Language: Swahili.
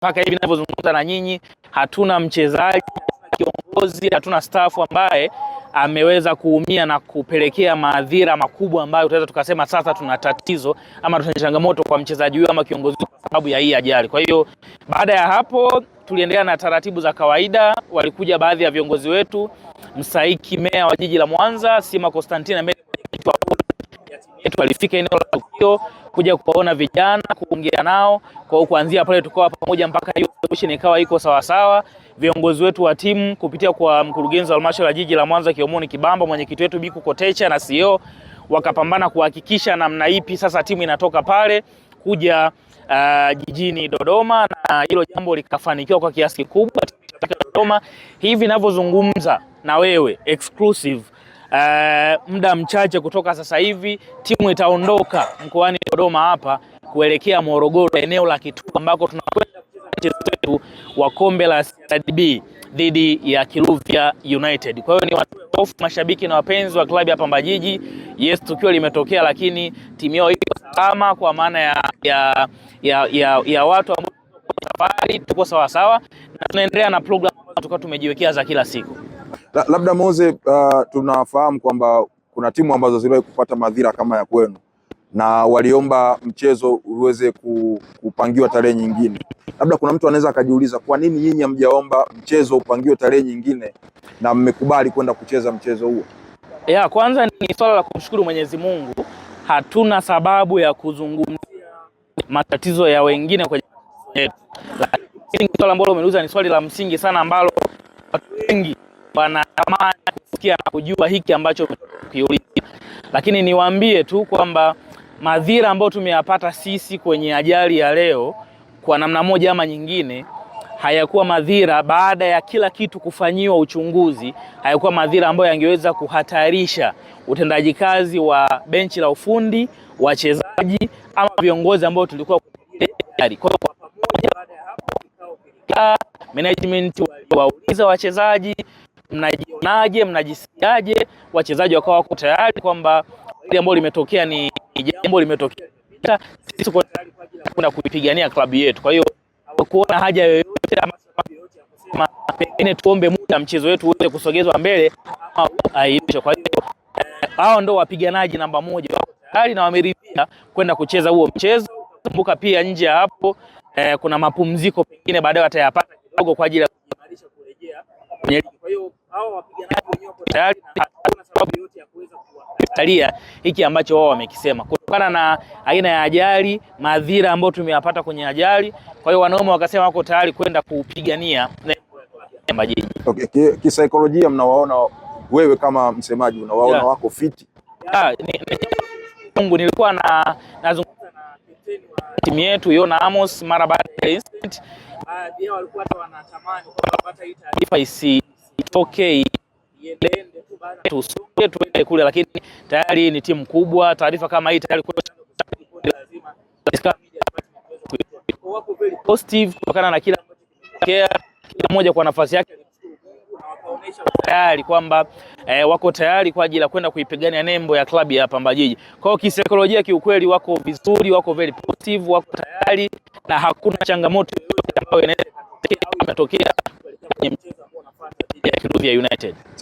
mpaka hivi ninavyozungumza na nyinyi, hatuna mchezaji, kiongozi, hatuna stafu ambaye ameweza kuumia na kupelekea madhira makubwa ambayo tunaweza tukasema sasa tuna tatizo ama tuna changamoto kwa mchezaji huyo ama kiongozi kwa sababu ya hii ajali. Kwa hiyo baada ya hapo tuliendelea na taratibu za kawaida. Walikuja baadhi ya viongozi wetu, msaiki meya wa jiji la Mwanza Sima Constantine walifika eneo la tukio kuja kuwaona vijana, kuongea nao kwa kuanzia pale tukawa pamoja mpaka hiyo solution ikawa iko sawa sawa. Viongozi wetu wa timu kupitia kwa mkurugenzi wa halmashauri ya jiji la Mwanza Kiomoni Kibamba, mwenyekiti wetu Biku Kotecha na CEO wakapambana kuhakikisha namna ipi sasa timu inatoka pale kuja uh, jijini Dodoma, na hilo jambo likafanikiwa kwa kiasi kikubwa Dodoma. Hivi ninavyozungumza na wewe exclusive uh, muda mchache kutoka sasa hivi timu itaondoka mkoani Dodoma hapa kuelekea Morogoro, eneo la Kituo ambako tunakwenda mchezo wetu wa kombe la CRDB dhidi ya Kiluvya United. Kwa hiyo ni watofu mashabiki na wapenzi wa klabu ya Pamba Jiji. Yes, tukio limetokea, lakini timu yao iko salama kwa maana ya, ya, ya, ya, ya watu ambao safari tuko sawasawa na tunaendelea na programu tukawa tumejiwekea za kila siku. La, labda Moze, uh, tunafahamu kwamba kuna timu ambazo ziliwahi kupata madhira kama ya kwenu na waliomba mchezo uweze kupangiwa tarehe nyingine. Labda kuna mtu anaweza akajiuliza kwa nini nyinyi hamjaomba mchezo upangiwe tarehe nyingine na mmekubali kwenda kucheza mchezo huo? Ya kwanza ni swala la kumshukuru Mwenyezi Mungu, hatuna sababu ya kuzungumzia matatizo ya wengine kwenye yetu, lakini swala ambalo umeuliza ni swali la msingi sana ambalo watu wengi wanatamani kusikia na kujua hiki ambacho kiulizia, lakini niwaambie tu kwamba madhira ambayo tumeyapata sisi kwenye ajali ya leo kwa namna moja ama nyingine hayakuwa madhira baada ya kila kitu kufanyiwa uchunguzi, hayakuwa madhira ambayo yangeweza kuhatarisha utendaji kazi wa benchi la ufundi, wachezaji ama viongozi ambao tulikuwa tayari. Kwa hiyo management waliwauliza wachezaji mnajionaje, mnajisikiaje? Wachezaji wakawa wako tayari kwamba ile ambayo limetokea ni jambo limetokea, sisi tuko tayari kwa ajili ya kwenda kuipigania klabu yetu. Kwa hiyo kuona haja yoyote ama sababu yoyote ya pengine tuombe muda mchezo wetu uweze kusogezwa mbele ama aishwe. Kwa hiyo eh, hao ndio wapiganaji namba moja, wako tayari na wameridhia kwenda kucheza huo mchezo. Kumbuka pia nje ya hapo eh, kuna mapumziko pengine baadaye watayapata kidogo kwa ajili ya kuimarisha kurejea kwenye ligi. Kwa hiyo talia hiki ambacho wao wamekisema kutokana na aina ya ajali, madhira ambayo tumeyapata kwenye ajali. Kwa hiyo wanaume wakasema wako tayari kwenda kupigania majiji. Okay, kisaikolojia mnawaona wewe kama msemaji unawaona yeah, wako fiti. Ah, Mungu nilikuwa na nazungumza na kapteni wa timu yetu Yona Amos mara baada ya incident, ah, walikuwa hata wanatamani kupata hii taarifa isi itokee iende tuende kule, lakini tayari ni timu kubwa. Taarifa kama hii tayari positive kutokana na kila kila mmoja kwa nafasi yake tayari kwamba eh, wako tayari kwa ajili ya kwenda kuipigania nembo ya klabu ya Pamba Jiji. Kwa hiyo kisaikolojia, kiukweli wako vizuri, wako very positive, wako tayari na hakuna changamoto yoyote ambayo inaweza kutokea kwenye mchezo. Kiduria United. Sawa.